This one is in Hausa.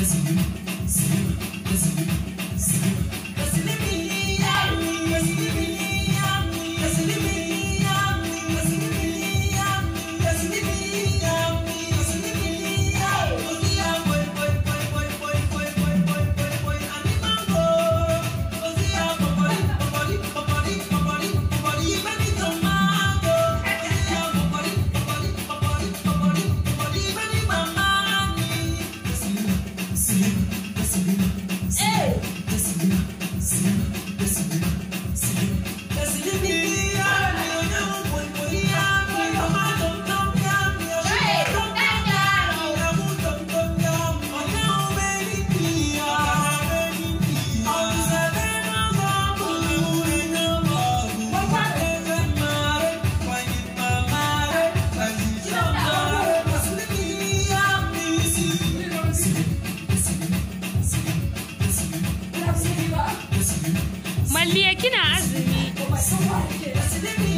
listen to me, listen to you. Malliya kina azumi.